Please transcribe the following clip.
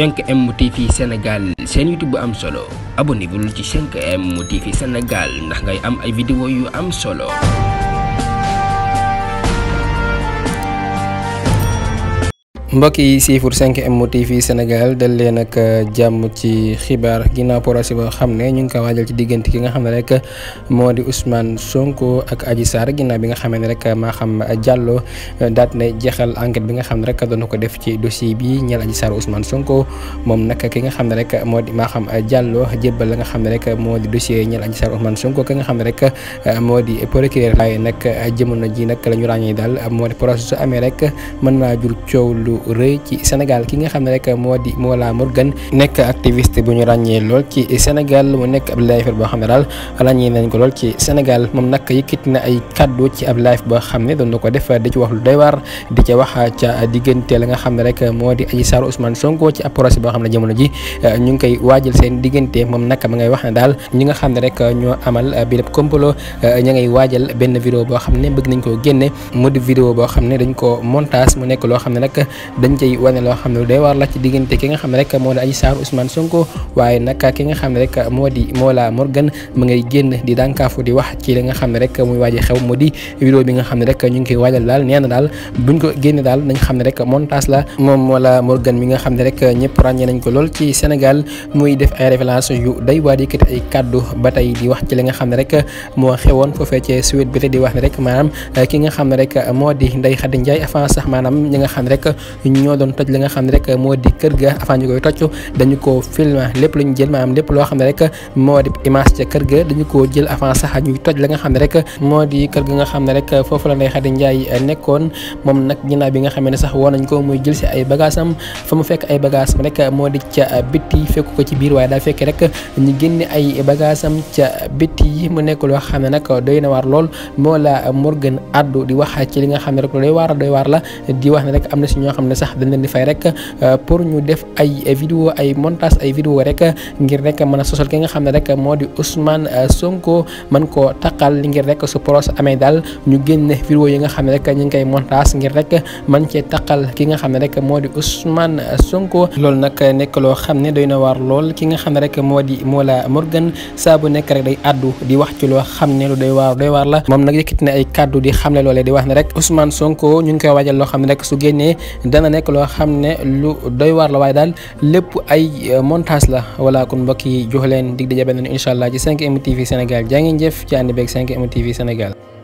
5M TV Sénégal seen YouTube bu am solo abonné bul ci 5M TV Sénégal ndax ngay am ay vidéo yu am solo mbokk yi siifur 5M TV Sénégal dal leen ak euh, jàmm ci xibaar ginnaaw procès boo xam ne ñu ngi ko waajal ci diggante ki nga xam ne rek moo di Ousmane Sonko ak Adji Sarr ginnaaw bi nga xamee ne rek maa xam Diallo euh, daat na jeexal enquête bi nga xam ne rek doon ko def ci dossier bi ñeel Adji Sarr Ousmane Sonko moom nag ki nga xam ne rek moo di maa xam Diallo jébbal la nga xam ne rek moo di dossier ñeel Adji Sarr Ousmane Sonko ki nga xam ne rek euh, moo di procureur laay nag jëmono ji nag la ñu ràññee daal moo di procès su amee rek mën naa jur coow lu rëy ci Sénégal ki nga xam ne rek moo di moo Mollah Morgun nekk activiste bu ñu ràññee lool ci Sénégal mu nekk ab live boo xam ne daal ràññee nañ ko lool ci Sénégal moom nag yëkkati na ay kàddu ci ab live boo xam ne doon na ko def di ci wax lu doy waar di ca wax ca diggante la nga xam ne rek moo di Adji Sarr Ousmane ci ab boo xam ne jamono ji euh, ñu ngi koy waajal seen diggante moom nag ma ngay wax ne daal ñi nga xam ne rek ñoo amal bileb complot euh, ña ngay waajal benn vidéo boo xam ne bëgg nañ koo génne mu di vidéo boo xam ne dañ ko montage mu nekk loo xam ne nag dañ cay wane loo xam ne lu day war la ci diggante ki nga xam ne rek moo di Adji Sarr Ousmane Sonko waaye nag ki nga xam ne rek moo di Mollah Morgan mu ngay génn di dànkaafu di wax ci li nga xam ne rek muy waaji xew mu di vidéo bi nga xam ne rek ñu ngi koy waajal daal nee na daal buñ ko génne daal nañ xam ne rek montage la moom Mollah Morgan mi nga xam ne rek ñëpp ràññee nañ ko lool ci Sénégal muy def ay révélation yu day waa di yëkkati ay kàddu ba tey di wax ci li nga xam ne rek moo xewoon foofee ci Suède bi te di wax ne rek maanaam ki nga xam ne rek moo di Ndeye Khady Ndiaye sax maanaam ñi nga xam ne rek ñoo doon toj li nga xam ne rek moo di kër ga avant ñu koy toj dañu ko filmé lépp lu ñu jël maanaam lépp loo xam ne rek moo di image ca kër ga dañu ko jël avant sax ñuy toj li nga xam ne rek moo di kër ga nga xam ne rek foofu la Ndeye Khady Ndiaye nekkoon moom nag ginnaaw bi nga xam ne sax woo nañ ko muy jël si ay bagages fa mu fekk ay bagages rek moo di ca bitti fekk ko ci biir waaye daa fekk rek ñu génne ay bagages am ca bitti mu nekk loo xam ne nag doy na waar lool moo la Morgan addu di wax ci li nga xam ne rek lu doy waar doy waar la di wax ne rek am na si ñoo xam ne sax dañ di fay rek euh, pour ñu def ay vidéo ay montage ay vidéo rek ngir rek mën a sosal ki nga xam ne rek moo di Ousmane euh, Sonko mën koo taqal li ngir rek su procès amee daal ñu génne vidéo yi nga xam ne rek ñu ngi koy montage ngir rek mën cee taqal ki nga xam ne rek moo di Ousmane euh, Sonko loolu nag nekk loo xam ne doy na waar lool ki nga xam ne rek moo di Mollah Morgun saa saabu nekk rek day addu di wax ci loo xam ne lu doy waar la moom nag yëkkati na ay kàddu di xamle loolee di wax ne rek dana nekk loo xam ne lu doy waar la waaye daal lépp ay euh, montage la wala kon mbokk yi jox leen dig daje beneen incha allah ci 5M TV Sénégal jaa ngeen jëf ci ànd beeg 5M TV Sénégal.